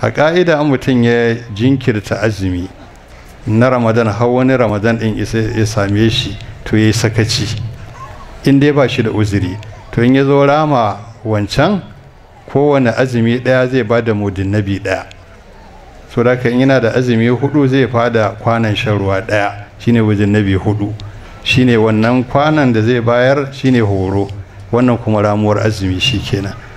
a ƙa'ida an mutum ya jinkirta azumi na ramadan har wani ramadan ɗin ya same shi to ya yi sakaci in dai ba shi da uzuri to in ya zo rama wancan kowane azumi ɗaya zai ba da nabi ɗaya so da ka yana da azumi hudu zai fada kwanan shan ruwa ɗaya shine nabi hudu shine wannan kwanan da zai bayar shine horo wannan kuma ramuwar azumi shi kenan